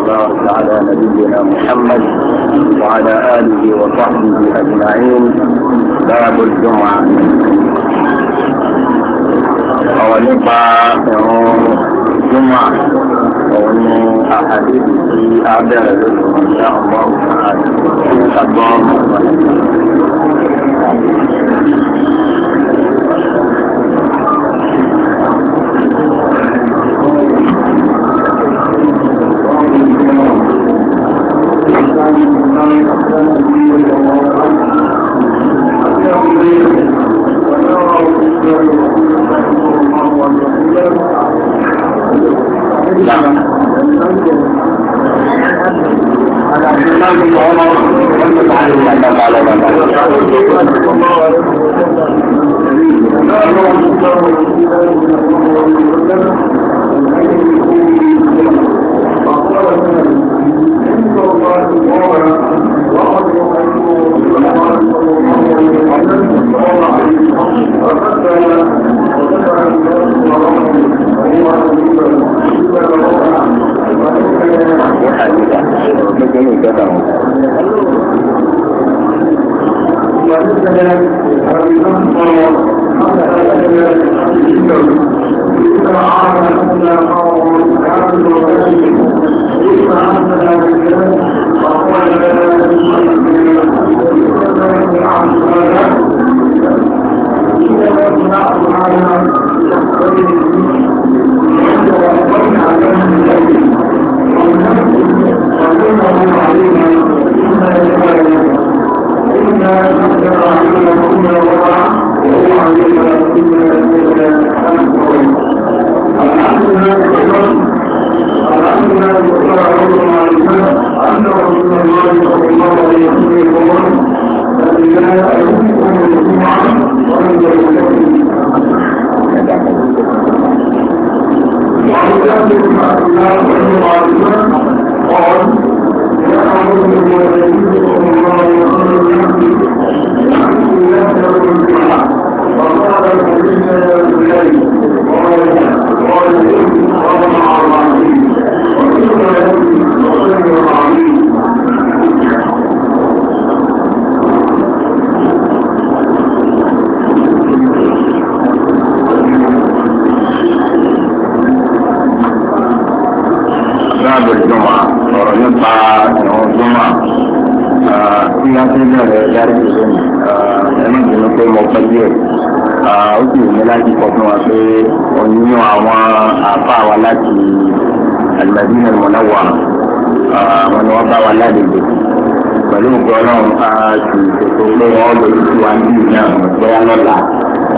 وبارك على نبينا محمد وعلى آله وصحبه أجمعين باب الجمعة ونبع جمعه ومن أحاديث في إن شاء الله تعالى اللهم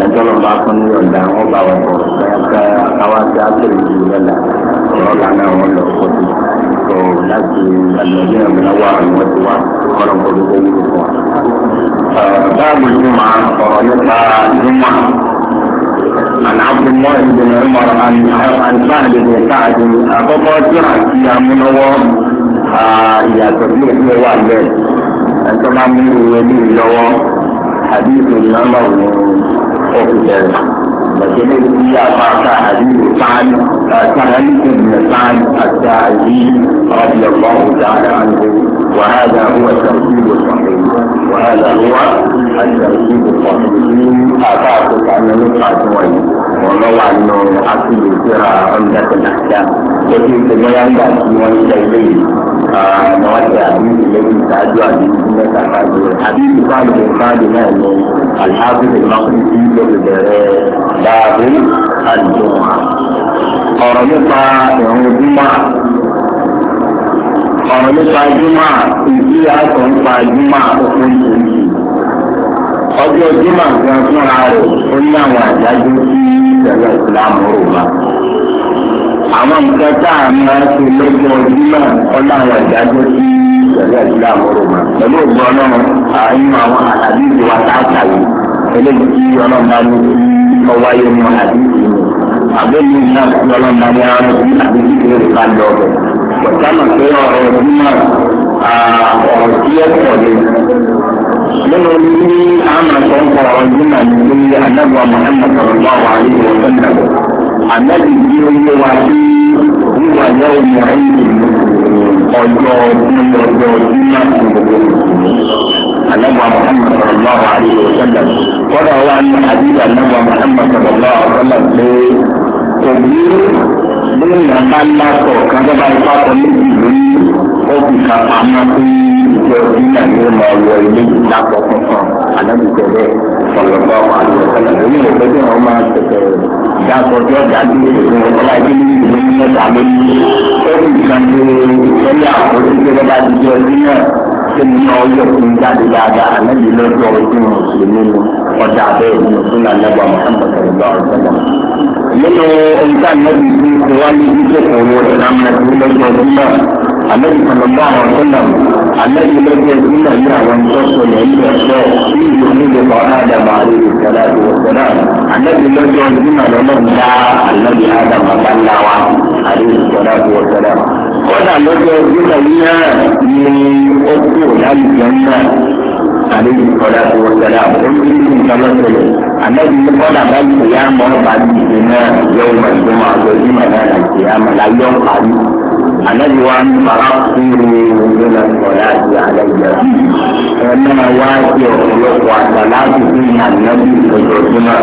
ẹjọ́nà bá fún ní ọ̀dà wọn bá wọn bọ̀ kẹ́kẹ́ àtàwọn àti àkèrè ju lọ́la ọ̀rọ̀ lánàá wọn lọ kọ́tù tó láti àlùmọ́jẹ́ ìrànlọ́wọ́ àwọn ọ̀dọ́ wa kọ́nà gbọ́dọ̀ tó wúlò fún wa. báàbù jùmọ̀ ọ̀rọ̀ nípa jùmọ̀ عن عبد الله بن عمر عن عن سهل بن سعد أبقى جرعة يا منور يا تبليغ والد أنت ما من ولي evidence وجنوب إلى ما كان ذي سعد كملك بن سعد الساعدي رضي الله تعالى عنه وهذا هو الترتيب الصحيح وهذا هو الترتيب الصحيح أعطاك أن نقع شوي وموضع أنه أصل ترى عمدة الأحكام وفي بيان ذلك من شيئين نود أبيه الذي تعدى به حديث خالد بن خالد الحافظ المقدسي báàbù àdùnmá ọ̀rọ̀ nípa ìrún júmọ́ ọ̀rọ̀ nípa júmọ́ ìdí àtọ̀ nípa júmọ́ òkú ìdí ọjọ́ júmọ́ gan fúnra rẹ̀ ó ní àwọn àjájú sí ìṣẹ̀lẹ̀ ìsìlámù rò àwọn nǹkan tá a máa ṣe lọ́jọ́ júmọ́ ọ̀nà àwọn àjájú sí ìṣẹ̀lẹ̀ ìsìlámù rò pẹ̀lú ògbọ́n náà àyínú àwọn àtàbí ìjọba tá eléyìí tí ọlọ́run bá ní ọwọ́ ayé mu àdìsí àbẹ́lú náà lọ́lọ́ máa ní ara ní àdìsí tó lè ká lọ bẹ̀. Bọ̀dánà pé ọ̀rọ̀ ìdúmọ̀ ọ̀rọ̀ tí ẹ pọ̀ lé. Nínú ní àmà tó ń kọ̀ ọ̀rọ̀ ìdúmọ̀ ní pé anábọ̀ Mọ̀hẹ́mà sọ̀rọ̀ bá wà ní ìwọ̀n tó Ànábì bí ó wa sí wíwà yẹ ọmọ ẹ̀yìn ọjọ́ ọdún ọjọ́ ọdún náà النبوة محمد صلى الله عليه وسلم ولا هو أن حديث النبوة محمد صلى الله عليه وسلم تبليغ lórí àbá ńlá kọ̀ kájọ́ bá ipá kan méjì lórí ó fi ka pamọ́ pé ìjọ ìdílé ní ọmọ ọwọ́ ilé ìdápọ̀ kankan àdábìtẹ̀ rẹ̀ ọ̀lọ́gbà wà lọ́sọ̀rọ̀ lórí ìgbẹ́jọ́ wọn máa tẹ̀tẹ̀ dáàbò ọjọ́ dájú ìṣòro ọlá ìdílé ní ìlú mẹ́ta lórí ó fi kan pé ìṣẹ́lẹ̀ àkóso tó bá ti jẹ́ ọdún náà kémi náà yọ fún jáde dáadáa ànábì lọ́jọ́ ojú mùsùlùmí ni ọjà bẹ́ẹ̀ ni òfin àlẹ́gbà mọ̀tàmọ̀ nínú ohun ànábì ti ń ní ìdíje kòwò ìlànà lọ́jọ́ ojú náà àlẹ́yìn kọlọ́gbà àwọn sọ́nà àlẹ́yìn lọ́jọ́ ìpínlẹ̀ ní àwọn ìtọ́sọ̀ ní ilé ẹ̀ṣọ́ sí ìlú onílẹ̀kọ̀ ádàmà àti ìṣẹ̀lẹ̀ àti ìṣẹ̀lẹ̀ àlẹ́yìn lọ́jọ́ ìpínlẹ̀ lọ́lọ́gbà àlẹ́yìn ádàmà báláwa àti ìṣẹ̀lẹ̀ àti ìṣẹ̀lẹ̀ kọ́dà lọ́jọ́ ìpínlẹ̀ yíyá ni ó kú láìpẹ́ náà àlejò kọ́dà tó wọ́sẹ̀lá oríṣiríṣi nǹkan lọ́sẹ̀lẹ̀ àlejò ní kọ́dà bá ti yá mọ́ bá ti dìde náà yọ̀ọ́ mọ̀ ìgbọ́n àgbẹ̀jú mọ̀ àlejò wa ń fara kúrò nínú ọ̀la àti àlejò ẹ̀mẹ́ wa ṣe ọ̀pọ̀lọpọ̀ àtàlà àtúntò ní ànábì ìfọ̀jọ̀júmọ́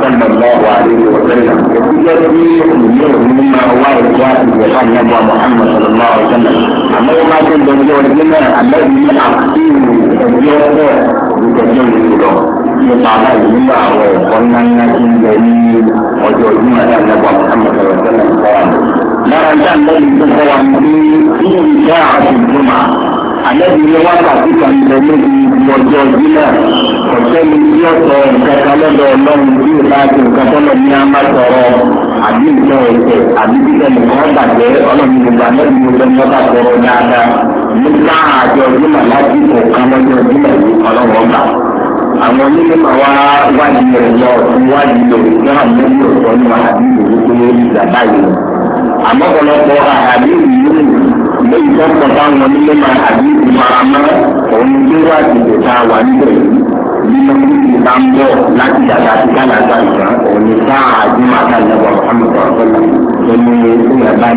sọ́nà bọ́ wa nínú ọ̀sẹ̀lẹ̀ ẹ̀kújẹ́ tí ìlú òní máa wá ẹ̀kọ́ àtìgbẹ́ fún ànábì wa Muhammad sọlọ́mọ́ ọ̀sẹ̀lẹ̀ àmọ́ wọ́n máa tó dọ̀jọ́ ọdún náà àlejò ní àkúrò ìfọ̀jọ́ nípa báyìí nínú àwọn ẹ̀kọ́ ńláńlá tí ń bẹ ní ọjọ́ ọdún àdàlẹ́gbà Muhammad ọ̀sẹ̀lẹ̀ ń kọ́ wa. lára dá lẹ́yìn tó kọ́ wa ní nínú iṣẹ́ àṣìjùmọ̀ àlẹ́bí ni wákàtí kan bẹ níbi ọjọ́ ìbílẹ̀ ọ̀sẹ́ni tí ó sọ nǹkan kan lọ́dọ̀ ọlọ́run tí ò bá ti nǹkan tọ́lọ̀ ní amátọ̀rọ̀ àbí nǹkan ẹ̀sẹ̀ àbí bíbẹ̀ nìkan bàjẹ́ ọlọ́run gbogbo àlẹ́bí ni ọjọ́ ìbílẹ̀ bàtọ̀rọ̀ dáadáa nígbà àjọ ìbílẹ̀ láti kọ̀ọ̀kan lọ́jọ́ yìí ọlọ́run ọgbà àwọn onímọ̀ wa wádìí rẹ̀ lọ wádìí lò náà mú ní ọ̀pọ̀ ní àbí òwúkú lórí ìjàmbá yìí. àmọ́ ọ̀pọ̀lọpọ̀ àbí ìlú lóyún tó pọ̀ táwọn onímọ̀ àbí ìmọ̀ràn òun tó wà dìbò tá a wà níbẹ̀ nínú kíkì bá ń bọ̀ láti dàgbà sí kálàgbà ìtàn òun ní sáà àdúrà kálàgbà ọ̀pọ̀lọpọ̀ ọ̀pọ̀lọpọ̀ ẹni ìyàbá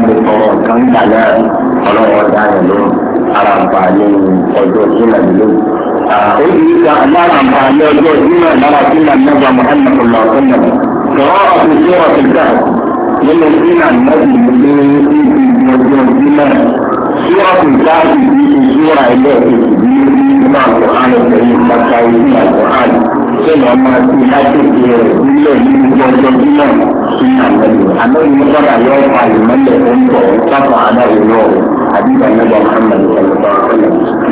oríṣiríṣi àwọn àǹfààní ọjọ́ ìdúró ìdára sí nàìjíríà muhammed ọlọ́ọ̀sọ́nà sọ̀rọ̀ ọ̀sùn sí ọ̀sùn ká nínú sí nàìjíríà ní ìdí ọjọ́ ìdúró sí ọ̀sùn ká ìdí ìṣúra ilé ìdí nínú àwọn àlọ́sẹ̀ yìí pàtà ìdí àwọn àlọ́ sẹ́yìn ọmọ àti lágbègbè rẹ̀ nílẹ̀ nínú ọjọ́ ìdúró sí nàìjíríà àmọ́ ìmúkọ́ra yọ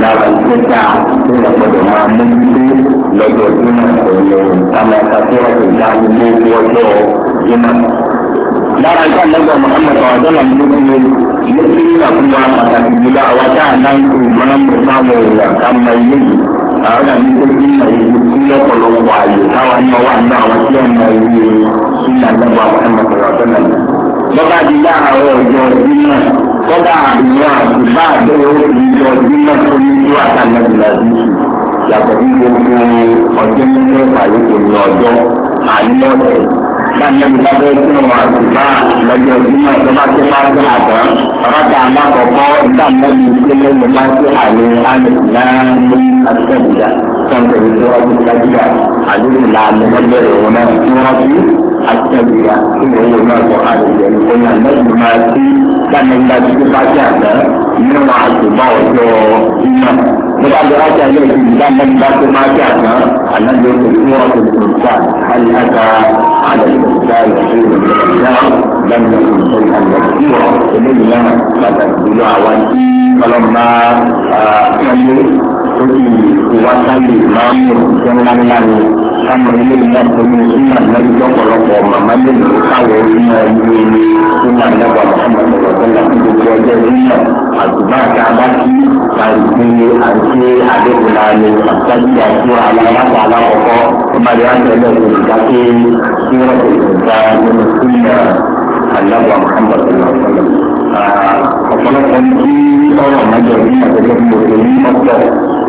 lára ìgbésà tó yẹ gbọdọ̀ máa mú sí lọ́jọ́ ìdúnà ọ̀yọ́ àmọ́ta tó yẹ kó dá gbogbo ọjọ́ ìdúnà. lára ìgbà lọ́gbà Muhammad ọ̀dọ́là ló ti lé sí àbúrò àpàtàkì jùlọ àwọn tá a náà ń kú mọ́nàmù sáwọn ìwà ká mọ ilé yìí àwọn àmì tó ti mọ ìlú sí lọ́pọ̀lọpọ̀ àyè táwọn ọmọ wa náà wọ́n ti ọmọ ìlú sí àgbàgbà Muhammad ọ̀dọ́là yìí bọ́bá ti dá àwọn ọjọ́ ọdún náà kọ́dà àbúrò àbúrò àbẹ̀wò ìjọ ọdún náà tó ní ìlú àtàlẹ́gbẹ̀lá yìí yàtọ̀ sí gbogbo ọjọ́ nínú ìpàdé ní ọjọ́ àlẹ́ ọ̀sẹ̀ báyìí bẹ́ẹ̀ tí wọ́n àtúbà lọ́jọ́ ọdún náà tó bá tó bá tó àtàn rákà alákọ̀ọ́kọ́ ìdá mẹ́rin sílẹ̀ ló bá tó àlẹ́ àlẹ́ àtẹ̀jìdá sọ̀tẹ̀ ìṣòwò ìtajà àdúgbò làánú ọgbẹ̀rẹ̀ wọn náà tí wọ́n fi àtẹ̀jìdá tí wọ́n wò náà kọ́ àdìjẹ́ ìfọ̀yà lẹ́yìn máa ti dánilá títí pàṣẹ àná nínú àtùmọ̀ ọjọ́ iná. Nígbà tó wá sí ayé ìdí dánilá tó máa ṣe àná ànájọ kò tí wọ́n ti tò sáà لم يكن شيئا يذكرا إلينا فتسجل عوالي فلما سمعوا قلت وصل الإمام صلى الله عليه sáwọn ilé ìlà pẹ̀lú súnmọ́ lẹ́yìn lọ́pọ̀lọpọ̀ màmá lẹ́yìn káwọ̀ ìmọ̀ ìlú ẹni súnmọ́ lẹ́wà mọ́hàmà lọ́sọ̀lá fún gbogbo ọjọ́ ìlú àtùbá tá a bá kí àti àti àdékùnlá ni àtàkì àti alárakà alákọ̀ọ́kọ́ tó máa lè rántí ẹlẹ́gbẹ̀ẹ́ ìdáké tí wọ́n ti gbà nínú súnmọ́ àyàwó àmàlùmọ̀ ah, ọ̀pọ̀lọpọ̀ tí ọ̀rọ̀ mẹ́jọ ní àtẹ̀jọ́ bí òṣèlú ní ọ̀pọ̀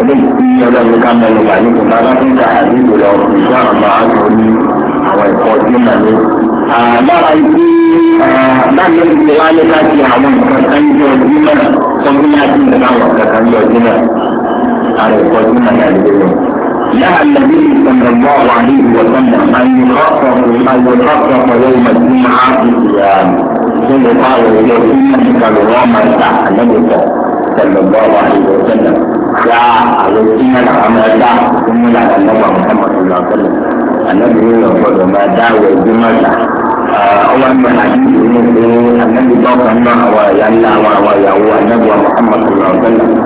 ẹgbẹ́ ìpín ọjọ́ ìlú ká mẹ́lú kò bá láfíńkà àti ìgbòlọ̀ ìṣẹ́ àmà àjọ ní àwọn ẹ̀kọ́ tí mà ní. Ah, lára ikú láàrin ìpínlẹ̀ wáyé láti àwọn nǹkan kan ní ọdún náà sọ́kúnyá sí ìdáwọ̀ kankan ní ọdún náà àrẹ̀kọ́ tí mà ní àdúgbò نهى النبي صلى الله عليه وسلم أن يخطط أن يخصص يوم الجمعة بالصيام ثم قال يوم كالرامة النبي صلى الله عليه وسلم يا عليكم العمادة ثم لا النبي محمد صلى الله عليه وسلم النبي يقول ما دعوة الجمعة أول من حديث النبي صلى الله عليه وسلم النبي محمد صلى الله عليه وسلم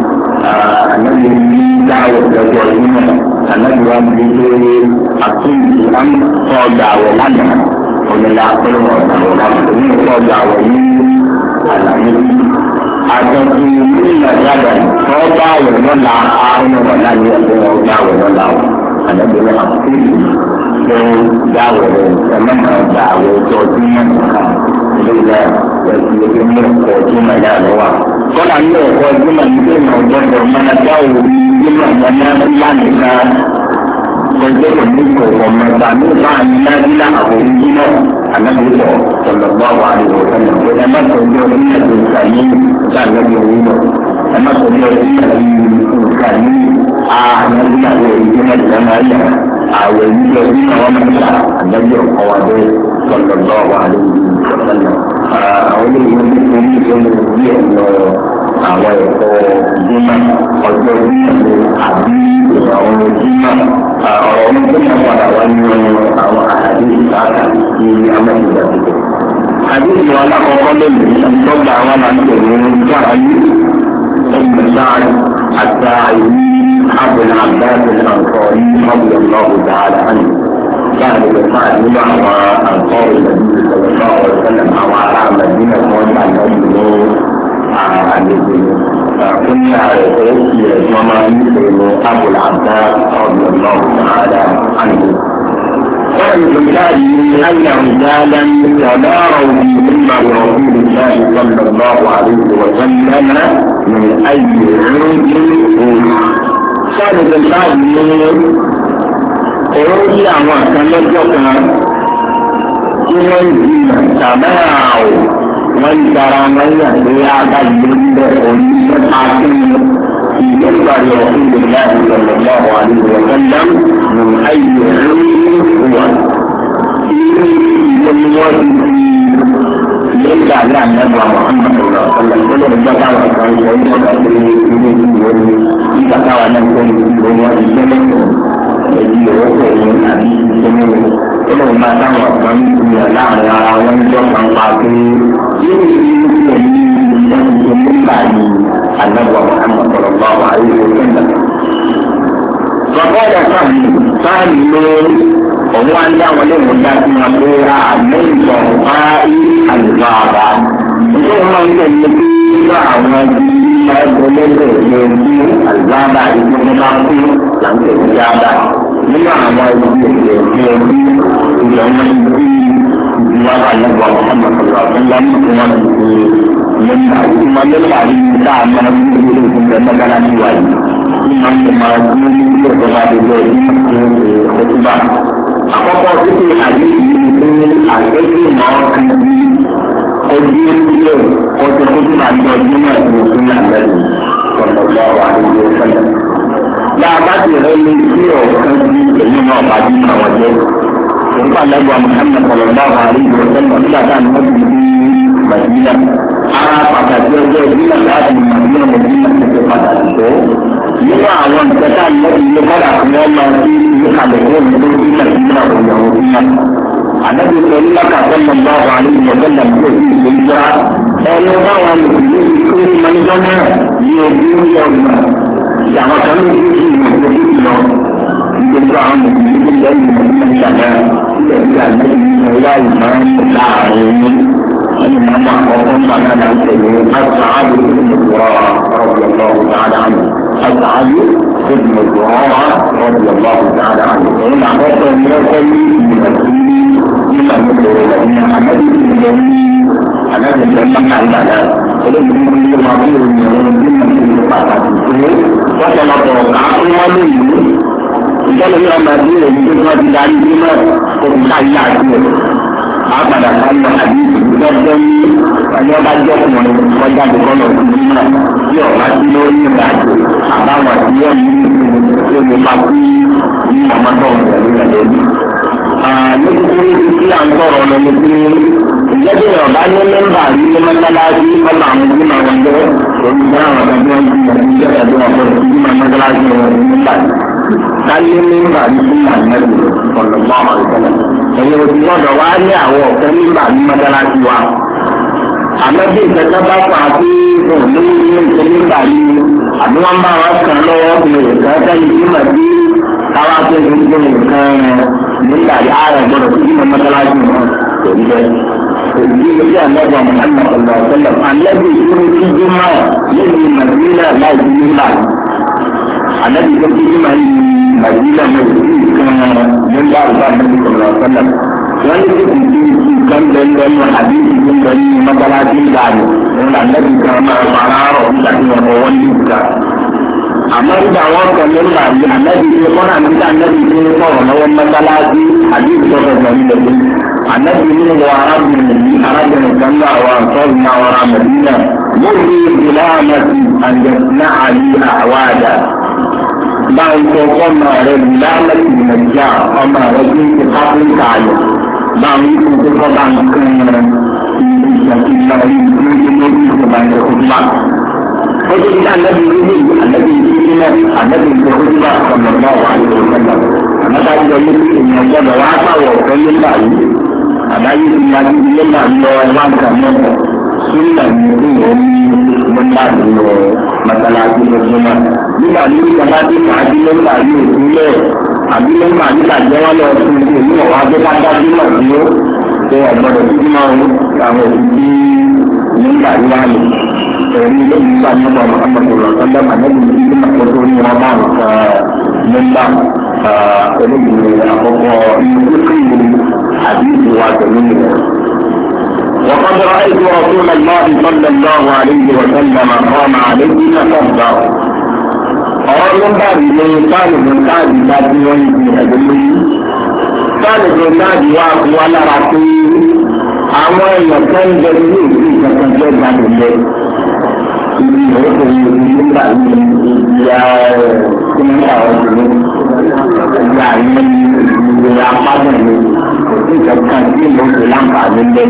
النبي دعوة الجمعة ànágbèwà bí lórí àtúntì àmọ́ ọgbà àwọ̀ lánàá òmìnira pẹ̀lú ọgbà àwọ̀ lánàá ní ọgbà àwọ̀ ní àlàyé. àjọkù nílò ìyàgbà ọgbà àwọ̀ lọ́la àrùn ọ̀la ní ọgbà àwọ̀ lọ́la ànágbèwà àtúntì pé dáwọ̀ rẹ̀ ẹ̀mẹ́ta gba àwọn ọjọ́ ọdúnmọ̀ nìkan ìlera ẹ̀sìnkú ní ọ̀pọ̀ ọdúnmọ̀ ìyá rẹ̀ wà. kọ́lá ní ọ̀pọ̀ ọdúnmọ̀ ní pé ìmọ̀ ọ̀gbọ́dọ̀ máa dáwọ̀ ní ìmọ̀ ọ̀gbọ́dọ̀ nìkan ọjọ́ òní kò ọmọ ẹ̀ta ní báyìí náírà àwọn orí náà alábòsọ ọ̀lọ́gbà wà lóò ọ̀nà ẹ má sọ ọdún náà ti kà ní ìjà ẹ má sọ ọdún náà ti kà ní ọdún náà ti kà ní ìjà lọ́bí orí àwẹ̀ yíyọ bí àwọn mẹ́ta àdájọ ọkọ wa wà lórí ìṣẹ̀lẹ̀ àwọn ẹ̀kọ́ ìdúnà ọjọ́ ìdílé àbí ìràwọ̀ ìdúnà ọ̀rọ̀ ní kí wọn padà wá nínú àwọn àdé ìsáàkà ní amẹ́tìdá títẹ. àdéhùn alákọ̀ọ́kọ́ lónìí ìtọ́gbà àwọn àti أبو العباس الأنصاري رضي الله تعالى عنه بعد وفاة مع أنصار النبي صلى الله عليه وسلم أو على مدينة موسى النبي كنا يتوفي مماليك أبو العباس رضي الله تعالى عنه وبالتالي أن رجالا تداروا بهما برسول الله صلى الله عليه وسلم من أي عرض sáàdì bẹ̀rẹ̀ ní ọ̀rọ̀ àwọn àkàn kan tí wọ́n ń tàbí àwọ̀ wọ́n dara wọn yà pé agbáyé ń bẹ òní mẹ́ta sí ìlú ọ̀hún lè láti lọ́lọ́ lọ́wọ́ àdúgbò ọ̀gá ní ayé ìlú wọn ọkọ ìlú wọn iṣẹ́ mẹ́tọ̀ ẹbí ọwọ́pọ̀ yẹn àbí iṣẹ́ mẹ́wọ̀ ọlọ́run máa dáhùn àgbà ń gbìyà láàrin ara wọn níjọ́ pàǹpà pé yóò ṣe é pẹ̀lú ìṣẹ́ tuntun nígbà ní alábọ̀ àmọ̀tọ̀rọ̀ bá wà ayé ọ̀sẹ̀ náà. bàbá ọ̀dà sáàmì sáàmì ló òun á ń dá wọn lóun dá sí wọn pé àmọ́ ìtàn bá rí àlùfáà bá. ìṣòro náà ń tẹ̀lé bí wọ́n àwọn ẹbí máa ń gbọ́ lẹ́lẹ̀ ní ojú àlùbáàbà ìlú nípa pé làǹkẹ̀ ní yáàbà nínú àwọn ibi ìṣẹ̀ ní ojú ìlànà ibi ìwádà lọ́gbà ọ̀sánmọ̀sọ̀rọ̀ ọ̀sánlá ní ìlú wọn ti fi lẹ́mbà ìtumọ̀ lẹ́mbà yìí tá a máa ń gbé ilé ìfúnpẹ́ mọ́tàlá ní wáyé ní máa ń máa gbé ní ilé ìjọba gbogbo ìlú ìkọtúbà. Àkọ́kọ́ títí àdéhùn ìlú àgbẹ̀gbẹ̀ máa ń fi ojú ilé wọ́n ti kó sípà ní ọdún náà ní oṣù náà lẹ́nu ọ̀pọ̀lọpọ̀ àwọn àlejò ọ̀sẹ̀. Láàbá ti rẹ̀ lé sí ọ̀kan sí èyí náà bàjú àwọn jẹ́. Òǹkà lẹ́gbọ̀ Mùhàmmad ọ̀pọ̀lọpọ̀ àwọn àlejò ọ̀sẹ̀ náà nígbà tá à ń tọ́jú sí Màdínà. Ara pàtàkì ọjọ́ ìbílẹ̀ láti Màdínà Màdínà ti fi pàtàkì tó. Nínú àwọn nǹkan tá à ń lọ́dún ilé padà fún wọn lọ sí ìlú Kàlẹ́kọ̀ọ́ ní tó sí Màdínà òyìnbó fún wọn. Àdébìsọ̀ nílá kàtọ́ mọ̀ bá wà ní ìmọ̀tẹ́lẹ̀ tó ti ìgbéjọ́ ẹnu báwa mùsùlùmí tó ní mọ́nìjọ́ náà yí ojú ní ọgbà ìyàwó kan ní ojú ìlú ojú ìlọ ìgbésọ àwọn mùsùlùmí tó jẹ́ ìlú ní ìṣàlẹ̀ ilẹ̀ tí a gbé ní ọ̀yá ìmọ̀ láàrin ní ẹni máa máa kọ́kọ́ sáná náà tẹ̀lé àtàlù ìmùkúrọ̀ ọ̀rọ̀lọ́wọ́ dáadáa nù àtàlù ìmùkúrọ̀ ọ̀rọ̀lọ́wọ́ dáadáa nù èyí làkọ́kọ́ ní ọkọ́ ní ìmùkúrọ̀ ní ìlànà ìlú ìlànà àmọ́ ìlú ìlú àdájọ ìjọ ìpàkà ìbàdàn olóògùn ní ilé máa bí òun ìrìn bí mo ti lè pàtàkì pé lọ́pọ̀lọpọ̀ ọ̀gá ń wá lóyún ìjọba ní ọmọ ẹbí rẹ̀ ní tó tó ti darí bí náà kò ní ká yá àti rẹ̀ á padà sáyọ àbí ìgbẹ́jọ́ ní ọjọ́ bá jẹ́ ọkùnrin ọjà àdìgbọ́nà òkùnrin náà tí ọ̀gá sí lórí ìrìnàjò àbáwọn àti yẹ́n ní ìlú tó ní ọmọdé ọ̀gbẹ̀rún rẹ̀ lórí. àyè kúrú ìjẹ́jẹ́ rẹ̀ ọ̀bá ní mẹ́mbà ní mẹ́mẹ́tàlájú mẹ́mbà àwọn ìlú máa wọ́n jẹ́ orí náà wọ́n tàbí wọ́n ti yẹn ní ìjẹ́jẹ́ tó wọ́n fẹ́ ìlú máa mẹ́tàlájú wọn ní mẹ́mbà láyé mẹ́mbà ní mẹ́mbà mẹ́bù ọ̀nàmọ́ àwọn ìtọ́lẹ̀ ẹ̀yẹ òbí lọ́dọ̀ wá ní àwọn ọ̀fẹ́ mẹ́mbà ní mẹ́tàlájú wa àmọ́ bí ìtẹ́tẹ́ bá pa sí òní ní ìtẹ́lẹ́mbà sí wọn òbí ilé àlọ́gbà Muhammad sallallahu alaihi wasallam àlẹ́bí ìṣòro tí jùmọ̀ nínú Màdínà láì sí jùmọ̀ àlẹ́bí ìṣòro tí jùmọ̀ nínú Màdínà lọ́wọ́ sí ìkan nígbà àgbà Màdínà sallallahu alaihi wasallam wọ́n ní kí kì í ti kan lẹ́nu àbí ìṣòro tó ń lọ ní mọ́tàlájú ìlànà wọn àlẹ́bí kan máa fara rọ̀ nígbà tí wọ́n wọ́n ní ìgbà àmọ́ nígbà wọn kọ lórí àbí àlẹ́bí ìṣòro kọ́nà nígbà àlẹ́bí ìṣòro kọ̀ọ̀ lọ́wọ́ mọ́tàlájú àbí ìṣòro tó ń lọ النبي منهم وعرب من عرب الجنة وانصرنا وراء مدينة يري بلامة أن يصنع لي أعوادا بعد قمنا رجلامة النجاة أما رجل في قبل تعالى بعد قمنا رجل فجد يريد الذي يريدنا الذي في الخطبة صلى الله عليه وسلم إن الله وعفى وكل الله àbáyé ti máa ní ilé máa lọ láǹkà mẹ́ta sórí àmì ìwé ní mẹ́ta lọ mọ́tàlájú lọ́jọ́mọ́. nígbà tí ó sábà dé máa dé mẹ́ta yóò sílẹ̀ àbí mẹ́ta nígbà jẹ́ wọ́n lọ sí ilé ní ọ̀wá tó bá dájú náà sí ó ṣe ọ̀gbọ́dọ̀ títí máa ń àwọn òbí nígbà yìí wá lò. ẹ̀rí ló ń bá nípa ọmọkùnrin ọ̀sán mẹ́ta ẹlẹ́yìn àkọ́kọ́ ìlú حديث واتمين وقد رأيت رسول الله صلى الله عليه وسلم قام عليه فصدر ọ̀rọ̀ bá rí ní sáàlì fún káàdì bá tí wọ́n ń fi ẹ̀dùn lórí sáàlì fún káàdì wá fún wa lára pé àwọn èèyàn tó ń bẹ ní ìlú ìkankan jẹ́ gbàgbé ibi ìrọ́pò yìí nígbà ní ìyá ẹ̀ fún àwọn obìnrin ìyá yìí ìgbéra pátá yìí táwọn tí mo ń fi láǹfààní lé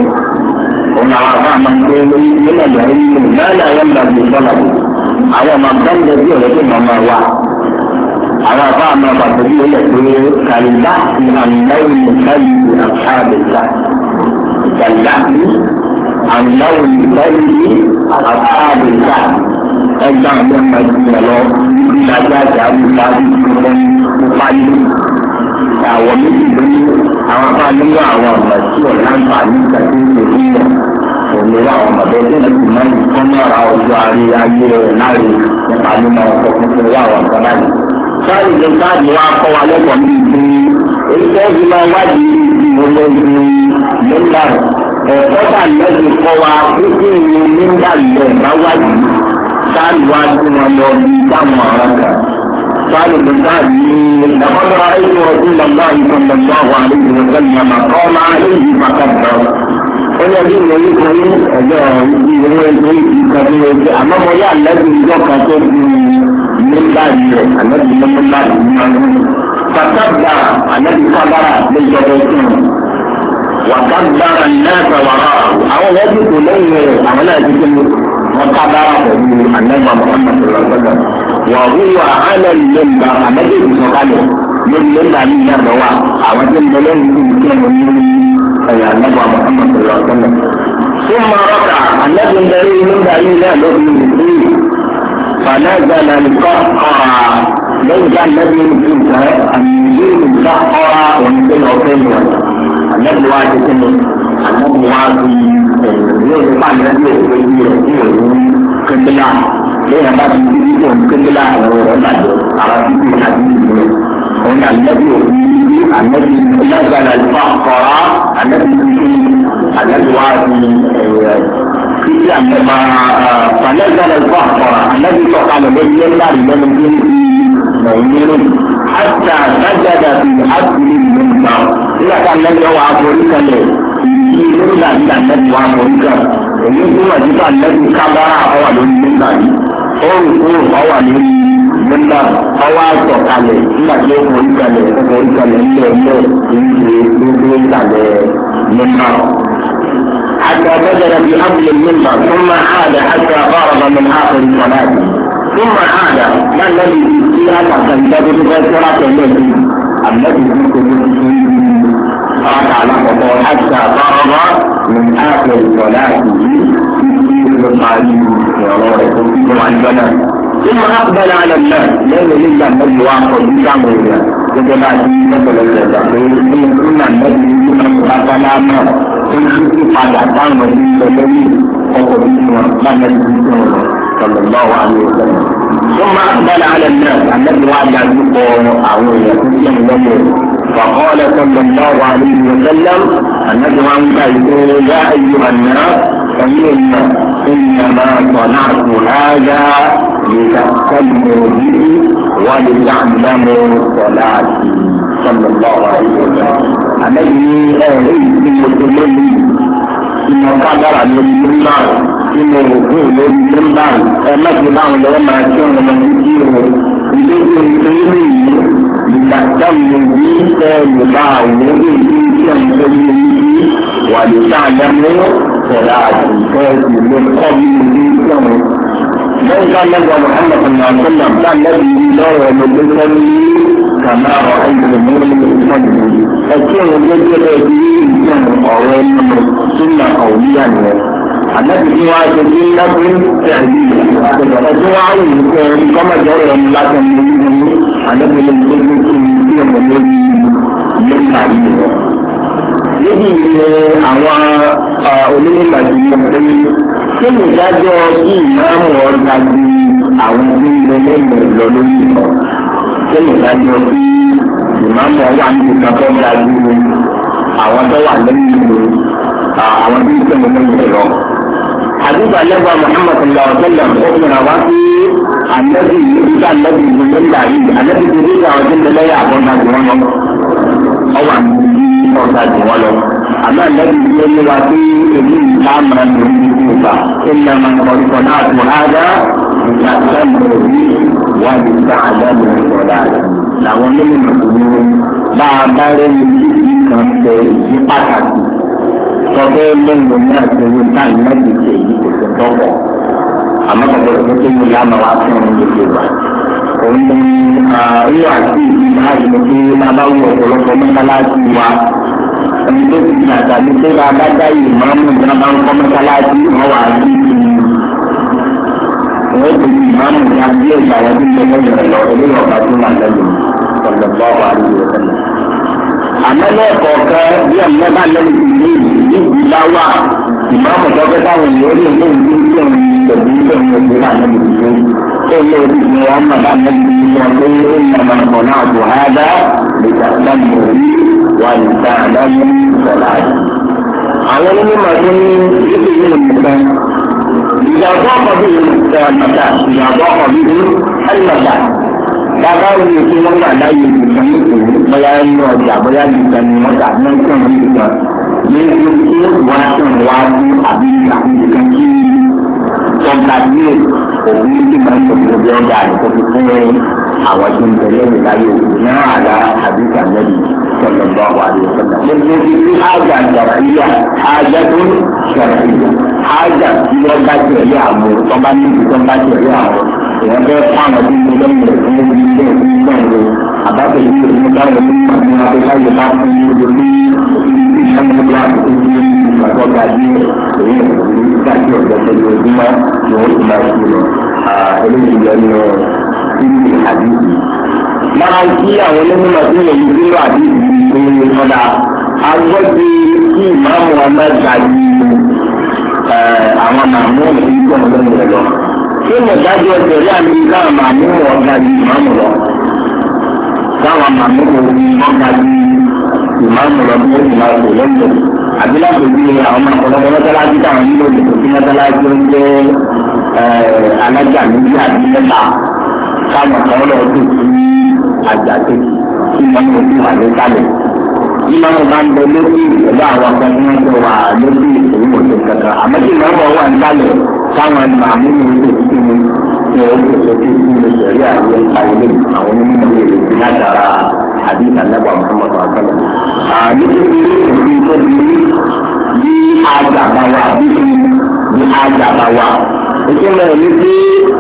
òun àwọn àbá máa ń pé lórí nílẹ̀ lórí nínú lẹ́yìn àwọn ìgbà tó sọ̀rọ̀ bò àwọn ọmọ gbọ́ndé bí ọ̀rẹ́ tó mọ̀ máa wà àwọn àbá máa pàtó bí ó lẹ̀ pé kàlíbá ti àǹdáwò ní káyìí àṣàbẹ̀sà kàlíbá ti àǹdáwò ní káyìí àṣàbẹ̀sà ẹgbẹ́ àwọn ọmọ ìgbìmọ̀ lọ níbi lágbàjà àbúrò àbúrò tó ń parí àwọn méjì lónìí àwọn bá nínú àwọn ọ̀nà tí ò láǹfààní kàtí ń tèmi rẹ̀ òmìnira àwọn ọ̀dọ́ tó lè fi máa ń kọ́ mọ́ra ojú àrí ayé rẹ̀ láre nípa nínú ọkọ̀ tuntun wà wà nǹkan láyé. sáàlì tó sáàlì wa kọ́ wa lẹ́kọ̀ọ́ ní ìdí ètò ìdí máa wádìí ìdí ìwọlé nígbà ẹ̀kọ́ tà lẹ́sìn kọ́ wa kúkú ìlú nígbà ìlẹ̀ bá قال الإنسان لقد رأيت رسول الله صلى الله عليه وسلم قام عليه فكبر Ọjọ́ bí mo yí kan ní ọjọ́ ìwé ìwé ìkan ní ojú àmọ́ mo yá àlẹ́bí ìjọ kan tó fi nígbà yìí àlẹ́bí lọ́mọlá yìí máa ń rìn. Bàtà gbà àlẹ́bí kábàrà lójọba ojú rẹ̀. Wàtà gbàrà náà sọ̀rọ̀ àwọn ọ̀rọ̀ àwọn ọ̀rọ̀ bí kò lẹ́yìn rẹ̀ àwọn náà ti dé wọn ká bára pẹ̀lú anẹ́gbà muhammadu lọ́gbọ́dọ̀ wà wúwo àhálẹ̀ lẹ́mbà àmẹ́jẹ̀ ìsọ̀kalẹ̀ lórí lẹ́mbà ní ìyàgbọ́ wa àwọn tó ń bẹ lẹ́nu ní ìdílé wọn ní ẹ̀yà anẹ́gbà muhammadu lọ́gbọ́dọ̀. fún marọ́kà anẹ́gbà ń darí lẹ́mbà ní ìyá lórí ìdílé فنزل القهقرة ليس الذي يمكنك أن يجيب القهقرة ومن بين عقيم النبي واجب النبي واجب yóò fà ní ẹgbẹ́ ìwé yìí rẹ̀ yóò rí kékeré lẹ́yìn bá ti di ìdíje òun kékeré ọ̀rọ̀ rẹ̀ bàjẹ́ ara títí àti ìdíje òun àlẹ́bí òun yìí àlẹ́bí ìyáàgbára ìfọ̀ àkọ́rá àlẹ́bí yìí àlẹ́bí wá di títí àmẹ́fà àlẹ́gbára ìfọ̀ àkọ́rá àlẹ́bí sọ̀kalẹ̀ lórí lẹ́gbàá ìlẹ́nu bí nàìjíríà àti àgbàjáde àti àgbèrè ìlú ìgbà nígbà tá àlẹ́bí ọwọ́ àforí kalẹ̀ yìí ló ń dàbí àlẹ́bù wa mọ̀ nǹkan èyí tó wà nípa àlẹ́bù kábàárà ọwà lórí nígbà yìí òun kò ọwà lórí nígbà ọwà sọ̀kalẹ̀ nígbà tí ó kọ̀ ìkàlẹ̀ kọ̀ ìkàlẹ̀ ńlẹ̀ ńlẹ̀ ìṣe gbogbo ìkàlẹ̀ nígbà. حتى بدل بأمر المنبر ثم عاد حتى قارب من آخر صلاته ثم عاد ما الذي في هذا كان يجب أن النبي يقول rákà alákọ̀ọ́kọ́ àṣà àbárọ́bá ní àpẹ ìtọ́lá àtìyí títí ló parí ìrọ̀rọ̀ rẹ̀ tó fi wọn jọ náà. Nínú àbẹ̀lẹ̀ alẹ́ náà lẹ́yìn onígbà mẹ́lẹ̀ wá pọ̀ ní sáwọn èèyàn gẹ́gẹ́ bá ti lọ́pọ̀lọpọ̀ ìgbà pé nínú súnà mẹ́lẹ̀ ní pápálá náà tó ń tún padà táwọn ẹni lọ lórí ọkọ̀ nínú àbámẹ́ صلى الله عليه وسلم ثم أقبل على الناس الذي وعد عن ذكر أو يكون لهم فقال صلى الله عليه وسلم النبي عن يا أيها الناس فإن إنما صنعت هذا لتأتموا به ولتعلموا صلاتي صلى الله عليه وسلم àmẹ́yìn ẹ̀rí tí mo ti lórí ìmọ̀ kábàrà lórí mímbà ìmọ̀ òkú lórí mímbà ẹ̀mẹ́jì báwọn lọ́wọ́ máa tí ọ̀nà ọmọ ìdí ìwò ìdókòwò ìdókòwò فاستووا فيطاوعوا فيهم ولتعلموا صلاتي فاتي من قبل فيهم لو كان نبي محمد صلى الله عليه وسلم كان نبي الله ومدرسني كما رأيت من يصلي فكان يجب أن يكون قوي ثم قويا ànábì tí wọ́n ṣe sí lọ́pẹ́ tẹ̀lé àtẹ̀tẹ̀ tí wọ́n á rẹ̀ ń láti ní ànábì ló ń tó tó tó ní sí ọmọ lórí lẹ́yìn àyè rẹ̀. níbi ìlú àwọn onímọ̀ ti sọ pé kí ni ìdájọ́ kí ìmáàmù ọ̀gá di àwọn tí ń lọ lẹ́yìn lọ lórí ìmọ̀ kí ni ìdájọ́ kí ìmáàmù ọ̀gá ń ti sọ pé àwọn tó wà lẹ́yìn àwọn tí ń sọ àdúgbò alẹ́gbà muhammad sallallahu alayhi wa sallam ó fi hàn wá sí anabi nígbà anabi ìgbìmọ̀ nígbà yìí anabi ti rí àwọn tó ń bẹ lẹ́yìn àkọ́ńtà jù wọ́n lọ ọwọ́ àti ọ̀tà jù wọ́n lọ àmọ́ anabi ti rí wa sí èmi ìta máa ń lò ní ìgbà ìlà máa ń kọ́ríkọ́ náà tó ádá ìgbà sẹ́mu rí wà ní ìgbà àdámù ìgbọ̀dá sọ bẹ́ẹ̀ lẹ́yìn náà lórí náà lẹ́yìn ìṣe yìí kò tó tọ́kọ̀ àmọ́ kò tó tó mú yá máa wá fún un lójú wa. òun ni rí àti ìdí náà yìí pé bàbá wù ọ̀pọ̀lọpọ̀ mọ́sálásí wa ẹni tó ti gbàgbà ní pé bàbá dá yìí máa mú ìjọba bá ń kọ́ mọ́sálásí wọn wà á sí ti di ìmáàmù ní abíyẹ̀ ìgbà àmọ́ lẹ́ẹ̀kọ̀ọ̀kan bí ọ̀nà bá lẹ́yìn ìlú ìlú bá wà ìmáàmù tó fẹ́ táwọn èèyàn ní ìlú ìlú ìlú ìlú ìlú ìlú ìlú bá lẹ́yìn ìlú tó lé orí ni wọ́n mọ̀ bá lẹ́yìn ìlú wọn pé ó ń nàmà ọ̀pọ̀ náà tó há dá ìjà sáàmù orí wà ìta àdáyé sọ̀rọ̀ àyè. àwọn onímọ̀ tó ní ìlú ìlú nìkan ìjàgbọ́ ọmọdé yìí bàbá wo ni kí wọ́n gbà láyé ìdìkan ètò bóyá inú ọjà bóyá ìdìkan ni wọ́n gbà ní ìtàn ní ìdìkan ní ìlú tí ó wá tàn wá àbí àbí ìdìkan kí tọ́ka díẹ̀ òun ní kí máa ń tọ́jú ọjọ́ ọjà àdìkọ́ ti fún àwọn tó ń tẹ̀lé mi láyé òun náà àlá àbí ìtàmẹ́lì sọ̀tọ̀ bá wà ní ìtọ́jà. mo tí wọ́n bá tẹ̀lé àwọn tó ní ìdíkọ́ bá tẹ̀lé àwọn èèyàn fẹ́ fún àwọn tó ń tẹ̀lé mi tí o ti ń gbàgbé àbábẹ̀ yìí o ní báyọ̀ ní ìgbàgbé abẹ́láyọ̀ bá fún yín o ní ìṣàmúlá tó ní ìgbàgbọ́ ga yé èyí ìlú dájú ọ̀dọ́ tó yẹ ojúmọ́ ni wọ́n ti máa ṣe lọ eléyìí lọ ní ìdí àdìsí. lára tí àwọn onímọ̀ tí yẹn yìí nílò àdìsí ni ọ̀dà agbọ́dé kí ìmáàmù ọ̀nà gbàgbé àwọn màmú ìgbọ̀ngàn rẹ̀ lọ ṣé mo dájú ẹsẹ̀ rí àmì káwọn màmú ọ̀gá ju ìmáàmù lọ káwọn màmú ọ̀gá ju ìmáàmù lọ bí ó sì máa lò lọ́dọ̀ àbí lágbègbè àwọn ọmọ ọ̀pọ̀lọpọ̀ mọ́tàlájú táwọn nílò ìdìbò sí mọ́tàlájú ń jẹ́ alájà méjì àbí mẹ́ta káwọn kan lọ sí sí àjà kejì kí wọ́n mú sí àlẹ́ kálẹ̀ ìmáàmù bá ń bẹ lórí ìlú àwọn kan tí wọ́n ti wà lórí ìṣòwò òṣèlú kankan àmọ́ kí ìmáàmù wà yẹn ó lè lókè sí ilé sẹ̀rí àwọn ẹ̀ka ilé àwọn onímọ̀ ilé ìlú látara àbí ìtànàbọ̀ àmọ́tò àtọ́lẹ̀. àdéhùn ilé ìlú tó di bí àjàbáwa bí bí àjàbáwa. ìtumọ̀ ìlú tí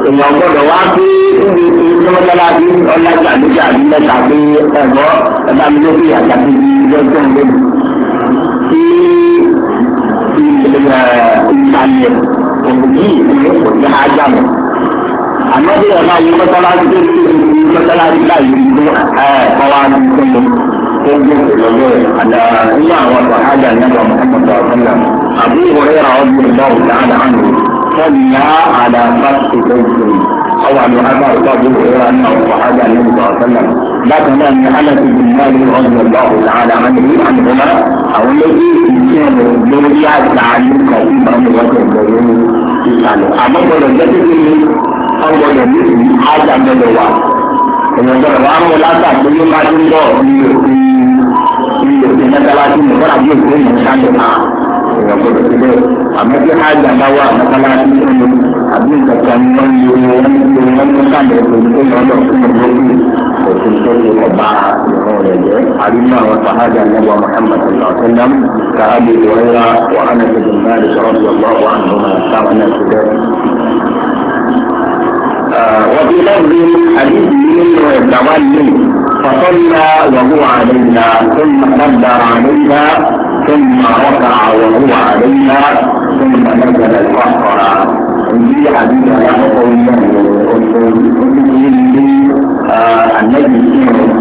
èèyàn gbọ́dọ̀ wá pé níbi ìtumọ̀tàlá bí ọlájà lókè àbí mẹ́ta pé ẹ̀gbọ́ ẹ̀bá mi lókè àjàbí lọ́jọ́ ìlú. tí ìlànà òbí ìlú kò ní ájá mọ́ àmọ́ bí ọ̀la yìí mọ́sálásí tó ti di mọ́sálásí láyé ìlú ẹ̀ẹ́dọ́wà ní sẹ́yìn tó ń gbé ìlọ́lọ́ àdá nínú àwọn sàhájà nígbà mọ́tò ọ̀sánlá àbí ìwọ̀rẹ́ àwọn bí ọ̀la ọ̀la àdá àná sọ́ọ̀lá àdá fásitì tó ń sọ أو عن أبا أصحاب الهريرة أنه صحابة النبي صلى الله عليه وسلم لكن أن أنس بن مالك رضي الله تعالى عنه عنهما أو الذي كان يرجع تعليم قوي بأمر وجه الجليل يسأله أما قال الجديد ọgbọ́dọ̀ ní ìlú ájà gbọ́dọ̀ wà èèyàn gbọ́dọ̀ wà á mú látà pé ní má ti ń bọ̀ ní òfin ní òfin mẹ́tàláṣí ní kọ́lá bí òfin ní sáyẹn náà èèyàn gbọ́dọ̀ ti bẹ́ẹ̀ àmọ́ tí bá wà mẹ́tàláṣí fún mi àbí nǹkan tí wọ́n ń lo wọ́n ń lo wọ́n ń tó lọ́dọ̀ fún mi lókè òfin tó ti ọba ìran rẹ̀ jẹ́ àdúgbò àwọn sàhájà nígbà Muhammad sallam kàábì wọ́n yá wàhánà tó ti máa lè sọ̀rọ̀ bí ọgbà wà وبلفظ حديث من التولي فصلى وهو علينا ثم كبر علينا ثم ركع وهو علينا ثم نزل الفقر في حديث عن قول النبي صلى الله عليه وسلم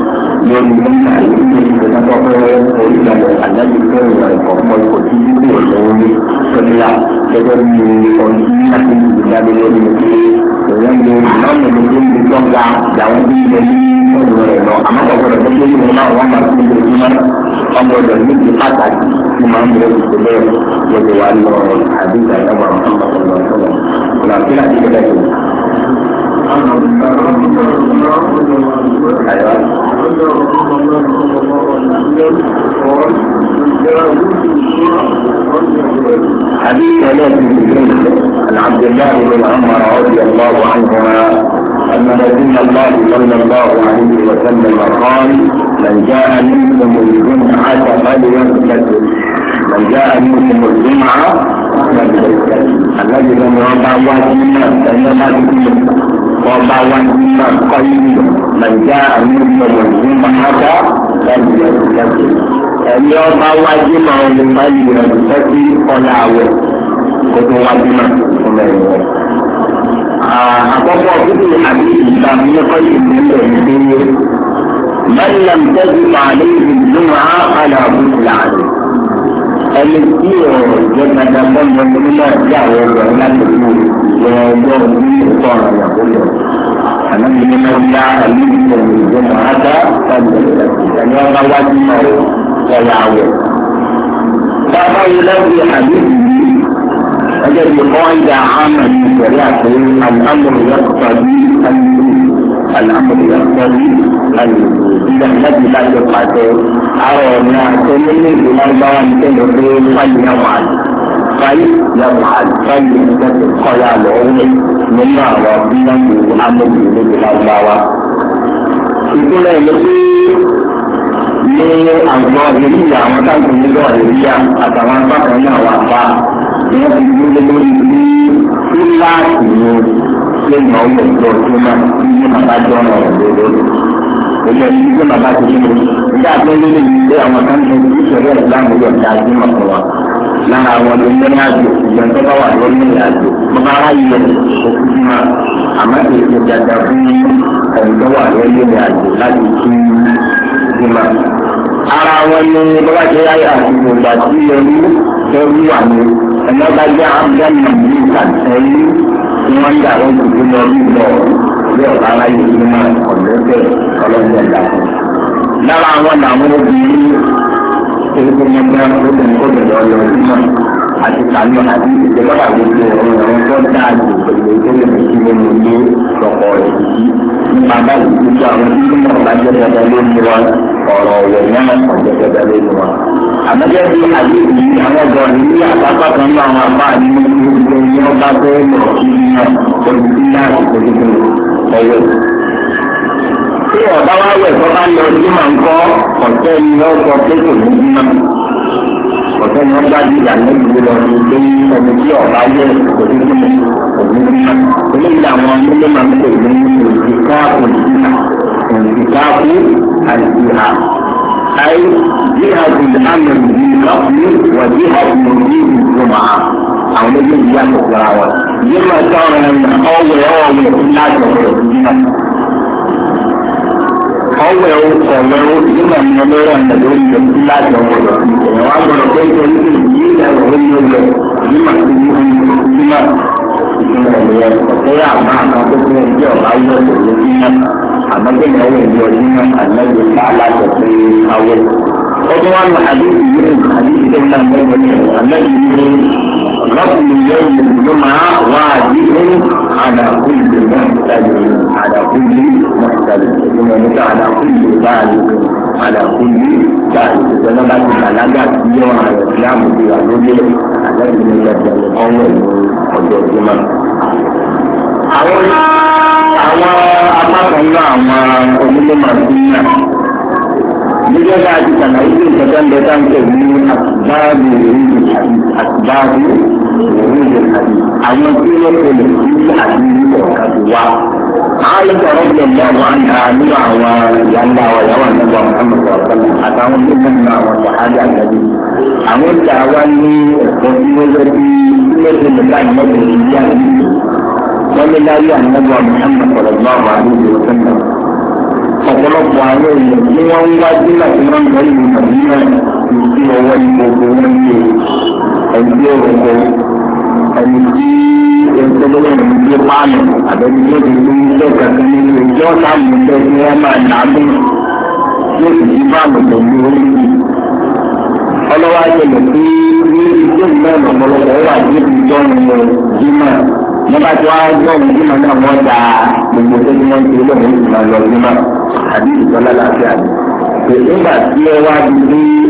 lórí mẹ́ta ìwé ìgbésẹ̀ tó fẹ́ orí ìlànà àjáde fẹ́rẹ̀ ọ̀pọ̀ ipò tí yíyọ lọ́wọ́ ní sọ́dílà gẹ́gẹ́ bí ọ̀rí àti ìgbàgbé lórí pé òun ni bí tọ́ga làwọn bí ilẹ̀ ní ọ̀dọ̀ rẹ̀ lọ àmọ́kọ̀ọ́kọ̀ọ́ tó tó yìí náà wọ́n máa fi lè fi máa ọmọ ọ̀dọ̀ ní ti pàtàkì tí máa ń bẹ̀rẹ̀ ìṣe bẹ́ẹ̀ gbọ́dọ̀ wà lọ àbí ìgbàgbọ́ àwọn ọ̀nà àti حديث لازم عن عبد الله بن عمر رضي الله عنهما أن رسول الله صلى الله عليه وسلم قال من جاء منكم الجمعة فليمتثل من جاء منكم الجمعة فليمتثل الذي لم يرضى واجبنا فإنما بكم رضى واجبنا قليل من جاء منكم الجمعة فليمتثل ẹni ọba wájú máa ń lè máa lè rìn ọdún sí ọ̀la àwẹ̀ kó tó wájú máa fún ẹ̀rọ rẹ̀. àkọ́kọ́ òkúté àbí ìgbà mímọ́kọ́ yìí ní ilẹ̀ ìgbéyé báyìí làm tẹ́jú màálé ìlú máa padà àbúrò láàrin. ẹni tí ọ̀rọ̀ jẹ́ dandan bọ́ọ̀lù ọdún náà sí àwọn ọ̀rọ̀ láti fi ìwọ ọjọ́ orí ìtọ́ ọ̀rọ̀ àná mi ní mo ń dá àlejò ìjọba àdá ọ̀gbìn ẹni wájú náà ọ̀la wẹ̀. Bàbá yìí lẹ́bi àdéhùn yìí, ọjọ́ ìdí kan ìdá Ahmed ìṣẹ̀lẹ̀ àti àlámọ̀rì yàtọ̀ bí àlámọ̀rì yàtọ̀ bí ìdàgbàsí láti pàṣẹ àwọn ọ̀nà àtẹ̀lé ní ìlànàbáwá ní kẹ́lẹ́ pé fáyì náà wà ní. Fáyì náà wà ní fáyì náà ti kọ́lá lọ́wọ́ nínú àwọn bí wọ́n ti amọ̀bìnrin ní ìlànàbáwá. Ìpínlẹ̀ ló pé ní àgbà ìrìyà àwọn táàgbà nílò àìríyà àtàwọn abákan náà wà bá ní wọ́n ti dúró lórí bí kíláàsì ni lè nà ó lọ́jọ́ tó máa ń ní àbájọ náà lọ́dọ̀ ìjọ yìí tó bàbá ti kí ni ìjà tó ń lé ní pé àwọn kan tó ti sọ̀rọ̀ ìsìlámù yọ̀ ká sí mọ̀kọ́ wa lára àwọn tó àjò ìjọ tó bá wà lórí ní àjò mo ara wọn ni bọ́lá ṣe yáyà àtìkò ìgbà tí ẹrú ẹrú wà ní ẹ̀mọ́ bá jẹ́ ábúdámù tí wọ́n ń dàrọ́ tuntun lọ bí lọ bí ọ̀rọ̀ ara yìí ní máa ọ̀dọ́ bẹ́ẹ̀ ọlọ́dún ẹ̀dá. lára àwọn làwọn obìnrin tó ń gbọ́n gbọ́n ó bẹ̀rẹ̀ ọ̀dọ̀ ọ̀yọ́ àti sàmì àti ìjẹ́kọ̀tà gbogbo ọ̀rọ̀ ẹ̀rọ tó dáa jù pẹ̀lú ìgbésẹ̀ méjì nínú ilé lọ́pọ̀ rẹ̀ yìí. nípa báyìí gbogbo àwọn tí wọ́n náà jẹ́ dada lónìí wọn ọ̀rọ̀ ọ̀wẹ̀ náà kàn jẹ́ dada lónìí wọn. àbẹ́jẹ́ bí àdébí àwọn ọ̀dọ́ ní àpapọ̀ kan náà wọn bá ní gbogbo ní ọba tó ń lọ sí tí náà. ọ̀sẹ̀ ni wọ́n dájú ìyá lẹ́yìn ìwé lọ sí pé ọmọ tí ọ̀la yẹ kò ní kí òun ní eléyìí làwọn mímọ́ máa ń pè ní ìdíkáàpù ìdíkáàpù àìsíhà àì jíhàbù àmì ìdíkáàpù wà jíhàbù ìdíkáàpù ìjọba àwọn méjèèjì yàtọ̀ síra wọn yíyá máa sáwọn ọ̀wẹ̀ ọ̀wẹ̀ láti ọ̀wẹ̀ ìdíkáàpù ọwọ́ ẹ̀wọ̀ ọ̀wọ́ ẹ̀wọ̀ nígbà mi ọmọ ẹ̀rọ ọmọ lọ. Ẹ̀wọ̀n á gbọ́dọ̀ pé ìjọ ní ìlú yìí ní ẹ̀rọ ní ọjọ́ yìí mà sí ní ọmọ ìgbà ìgbìmọ̀ ẹ̀yà àmọ́ àwọn tó fún ẹgbẹ́ ọ̀bá yọ̀ ọ̀rọ̀ yìí náà àmọ́ ọdún wa nù àdéhùn yìí nù àdéhùn tó ta mẹ́rin ní àlẹ́yìn ní lọ́kùnrin yẹn ní ló máa wá àdéhùn àdàkù ìlú náà tàbí àdàkù ìlú náà tàbí ìmọ̀ nípa àdàkù ìlú báyìí àdàkù ìlú báyìí ìjọba bá ti bàlágà sí yọ àrùn ìlànà ìgbéra lórí àlẹ́yìn ní lọ́kùnrin ọ̀wọ̀ ní ọjọ́ ìgbìmọ̀. àwọn àwọn apá kan náà àwọn onílé màá gẹ́gẹ́ bá a ti kàná ìlú ìjọba ń bẹ tá ń tẹ̀ ní àtibáàbò ìrìnjì àtibáàbò ìrìnjì àwọn tí wọ́n tẹ̀lé sí àti ìlú ọ̀kadì wa. àlùkò ọ̀rọ̀ bí ọ̀gá àwọn àǹdà nínú àwọn ìyá ńlá wa ìyàwó àtàwọn ọ̀sánmọ̀ ọ̀sánmọ̀ àtàwọn tó mú nínú àwọn sàhádì àgbẹ̀bí. àwọn tí a wá ní ẹ̀kọ́ tí wọ́n lọ bí mẹ́tẹ̀ẹ̀mẹ́ta ìmọ̀ ọ̀pọ̀lọpọ̀ àwọn èèyàn tí wọ́n ń wá láti máa ń lọ ìlú tàbí náà kò sí ọwọ́ ipò kò wọ́n ń lò ẹni tí ẹ̀sọ́gbọ́n ẹ̀mí tó pààlọ̀ àbẹ̀bí tó ti tó ń tẹ̀ kankan nínú ìjọ sáàmù tẹ̀ kí wọ́n máa dàgbọ́n yóò sì ti bá àgbẹ̀ pẹ̀lú oríṣi ọlọ́wọ́ àjẹlẹ̀ pé ní ìjọ náà lọ́pọ̀lọpọ̀ wà níbi ìjọ nígbà tí wọ́n á gbọ́ ìmọ̀ náà wọ́n da gbogbo tó ti wọ́n ti lọ́wọ́ ìmọ̀ lọ́ọ́ jimá àdìsí tọ́lá láfíà ni pé nígbà tí ẹ wá di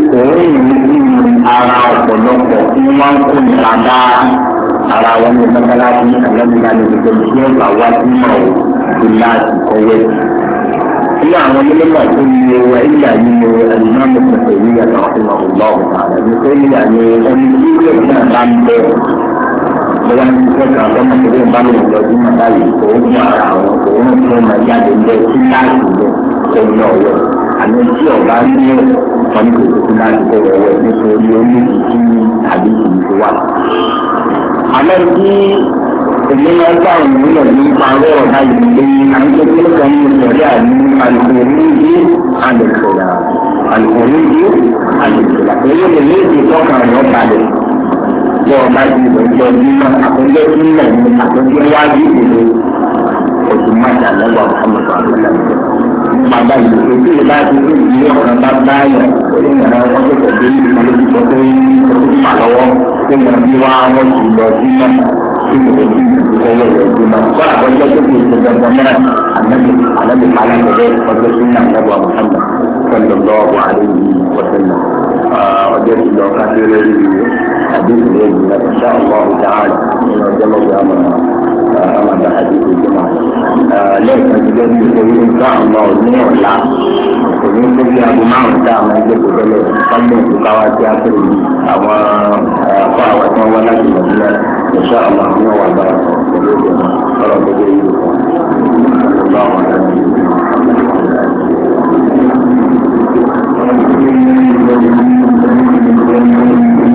pé òun ìrìn sí ara ọ̀pọ̀lọpọ̀ tí wọ́n ń kó nípa bá ara wọn ní mọ́tálásí àlọ́mílá ní gbogbo tí wọ́n bá wá sí mọ̀ ọ́ sí láti kọ́wé. Ilé àwọn onímọ̀ tó ní ewa ilà ní ẹ̀yìnmá mi pẹ̀lú ìyá náà fún ọ̀hún bá ọ̀hún ààrẹ ní pé ilà ní ẹni tí ilé náà bá ń bẹ̀ lọ́wọ́ ní ìfẹ́ kan tó máa ń bá mi lọ sí màbáyé òun àwọn òun fún ọmọ ìyá kọ́ ní ọ̀wọ́ àmì tí ọ̀gá ní ọ̀tọ́ni kò tó bá ti kọ́ ọ̀wọ́ nítorí oríṣi tí àbí ìlú ti wà. àmọ́ tí èmi náà bá àwọn ènìyàn ní parọ́ ọ̀dà ìdílé àwọn tó kéré kan ní ìsọ̀rí àní alùpùpù àlùkòlà alùpùpù àlùkòlà èyí lè léèdè tọ́kàn rẹ̀ balẹ̀ bọ́ ọba ìdìbò ìjọ ìdílé àkójọ ìdílé àkójọ iwájú ìdílé òtún máa dà lọ́wọ́ àmọ̀tò àlùkòlà ìjọba máa bá ìlú pé bí ìlà ti tó ìdílé ọ̀rọ̀ bá bá yàn ó ní ìyàrá wọn tó tọ̀ dé ìlú ló ti sọ pé ó ti fà lọ́wọ́ pé wọn bí wá wọn sì lọ sí náà tí mo ti fi ọwọ́ rẹ̀ gbé náà kọ́ àbọ̀jọ́ tó kù tó gbọ̀ngàn náà ànábì ànábì pàlẹ́ tẹ̀lé ọjọ́ sí náà lọ́wọ́ àbùkàmù sọ́dọ̀ lọ́wọ́ àlejò ọ̀sẹ̀lẹ̀ ọjọ́ ti lọ kájọ́lẹ̀ rírì àdéhùn rẹ̀ yìí náà ṣáà ọ̀gbọ́n ọ̀gá àjọ ọjọ́ lọ́wọ́ àmọ̀ àmàdà àdéhùn rẹ̀ ìtàjẹ̀jẹ̀ ní ìṣòro nǹkan ọ̀nà ọ̀dún ọ̀la kò ní tó bí aago márùn-ún àwọn ẹgbẹ́ tó tẹ́lẹ̀ sábẹ́ ìtúkà wá sí àpèrè àwọn ọ̀pá àwọn tí wọ́n wá láti nàìjíríà ìṣọ́ àwọn àwọn ọ̀wà bá pẹ̀lú ìgbìmọ̀ ọ̀rọ̀ gbogbo ìlú Thank you.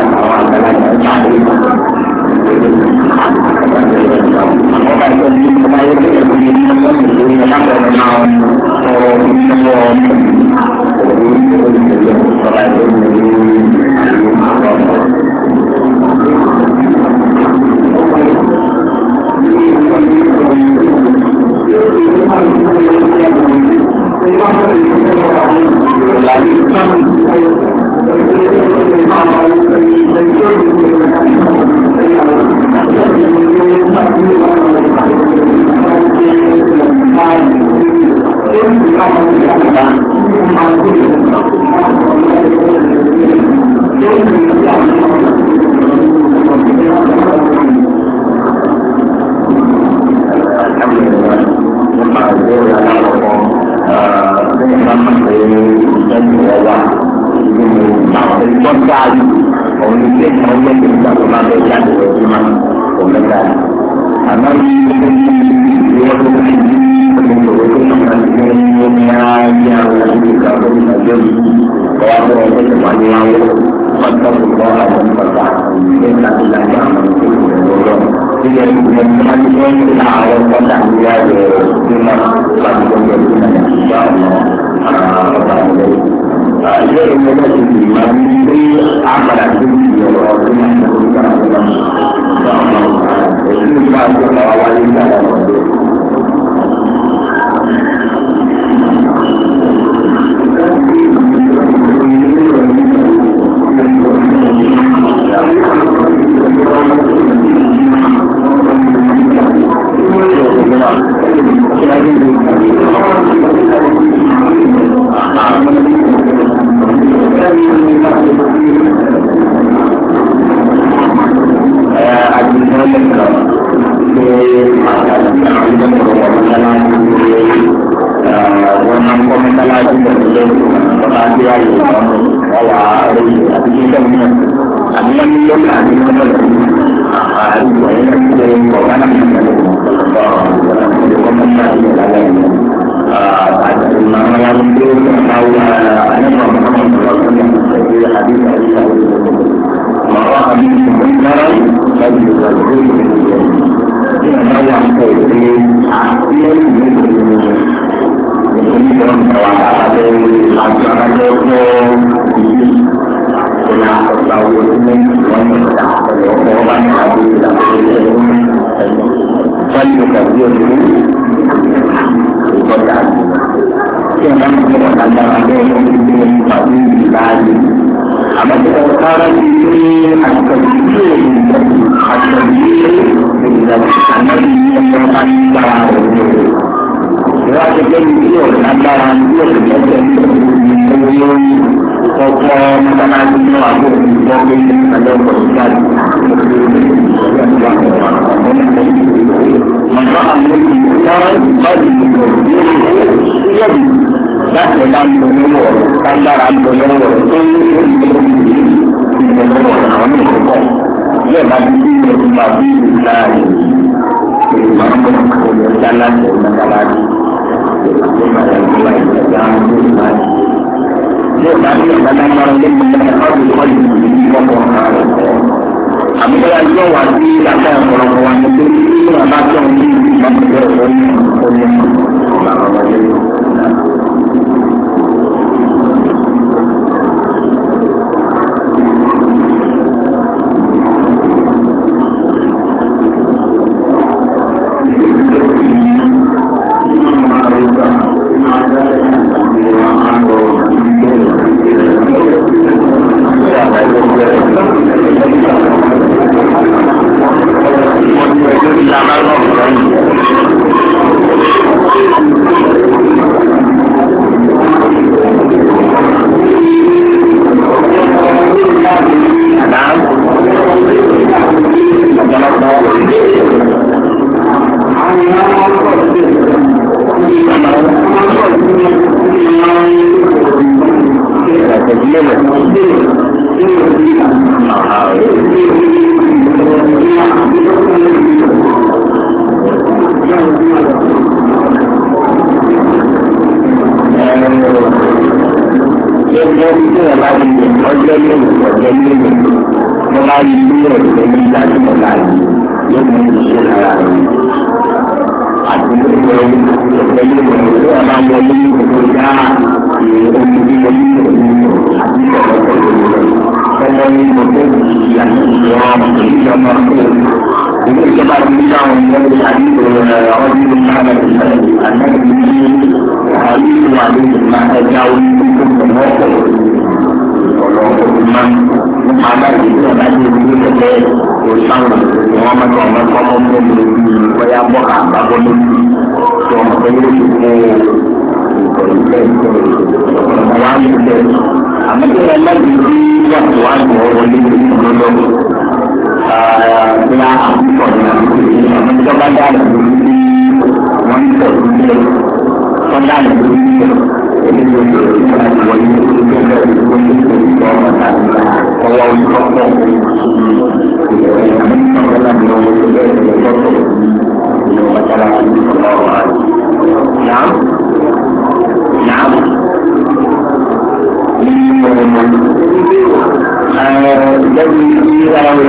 kemudian kita awalkan dan dia lima lagi kemudian insya Allah akan menjadi itu ilmunya tinggi mandiri apa dan tinggi ya Allah cuma kita akan insya Allah itu kita awalkan dan التنزيل التنزيل من النبي يوم الدار Ìwádìí yóò lágbára yóò lè lọ́jọ́ ìgbìyànjú ọkọ̀ mọ́tàlájú ní àwọn olùkọ́ pé àjọpọ̀ ìgbàlù. Màtá àwọn olùkọ́ báyìí yóò láti láti lọ́wọ́ lágbára lọ́wọ́ tó ń lò ní ìgbẹ́ lọ́wọ́ àwọn ní ìkọ̀kọ̀ yóò bá ti sí ilé ìgbà bí ìlú láàrin ìgbà ń bọ̀ òye ọjà láti ìgbàgbájú ìgbà ìgbà ìgbà ìgbà ìgbà yóò bá ti ìgbà lágbára lé ní ìgbà ìgbà ìgbà ìgbà àbúrò yóò wá sí ìlànà ọ̀pọ̀lọpọ̀ wa nítorí ìlú àbájọ́ ní ìgbà ìgbà ìgbà ìgbà ìgbà ìgbà àwọn ọmọ ìgbésẹ̀.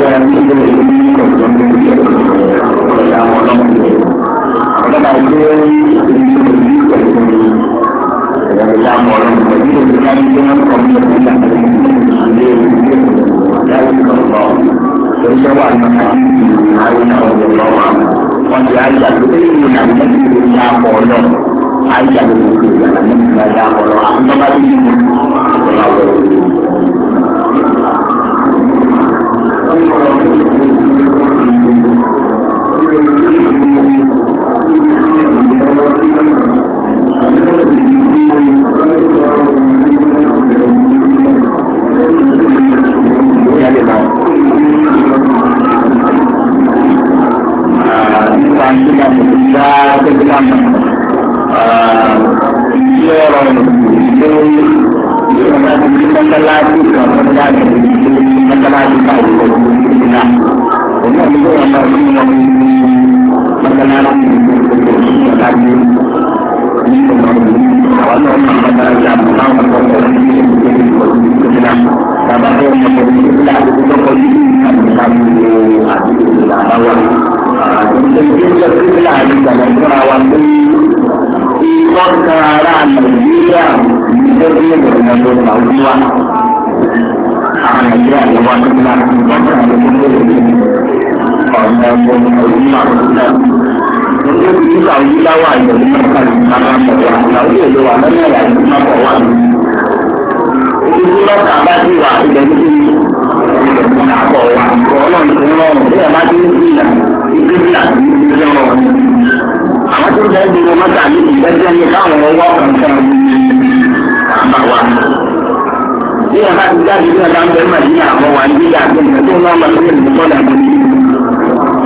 Ayat itu adalah mengenai Allah, Allah itu. Thank you. ọkọ̀ ọ̀rọ̀ náà ní bí nípa òyìn máa ń bọ̀ wá wà lọ́nà ìyá ìlú máa bọ̀ wá. Ojú bá ti wà ilẹ̀ níbi ìlú máa bọ̀ wá. Ọlọ́run ti ń rọrùn bí ẹ̀ bá ti ń bí ìlà ìdí ìlà ìdí ìlà rọrùn. tó jẹ́ ìdí wọn mọ́ta ní ìgbẹ́jẹ́ ní káwọn ọwọ́ kankan àbá wa. Bí ẹ̀ bá ti jáde ní ọ̀dà ń bẹ́ẹ̀ màdínà àwọn wà ní ìyá àti ìgbẹ́jẹ́ náà máa ń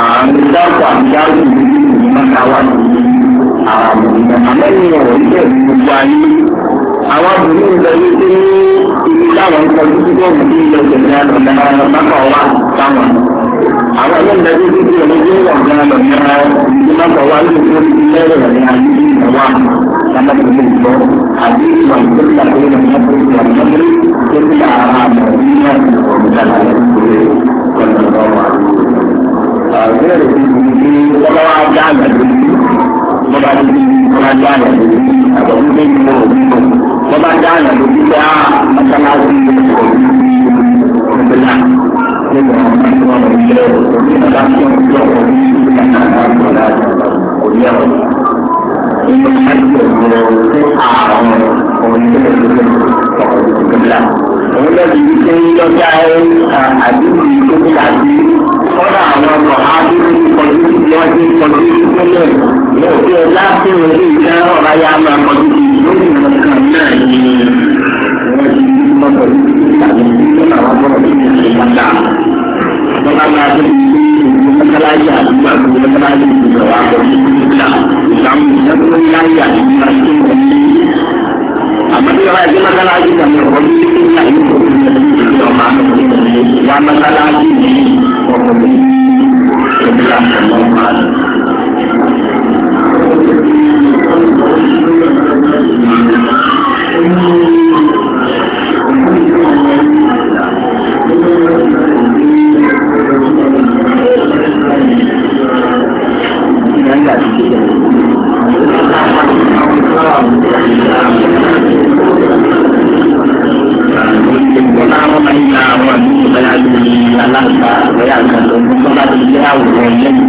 àǹdáta àwọn àmẹ́yìn àwọn obìnrin àbẹ̀rẹ̀ ti di ní bọ́lá wa dá àgbà lórí bọ́lá ti di ní bọ́lá dá àgbà lórí àtọ̀kùn tó ń bọ̀ nínú bọ́lá dá àgbà lórí pé á mọ́sálásí ìṣòro ìgbéyà nínú àwọn ọmọ ìṣẹ́ ìṣàkóso ìṣòro ìṣàkóso ìṣòro Ini adalah seorang orang yang berpengalaman. Orang yang berpengalaman, orang yang berpengalaman, kọ́dà àwọn ọkọ̀ adúlé kọjú sí bí wọ́n ti kọjú sí sílẹ̀ ní òkè láàfin orí ìṣẹ́ ọ̀rá yá máa kọjú sí lórí nǹkan náà ni wọ́n ti ní kọ́ pẹ̀lú ìgbàlódé tó náà wọ́n bọ̀rọ̀ sí ìṣẹ́ pátá. Bọ́lá máa tó ti gbé ìlú Thank you. àwòrán lẹ́nu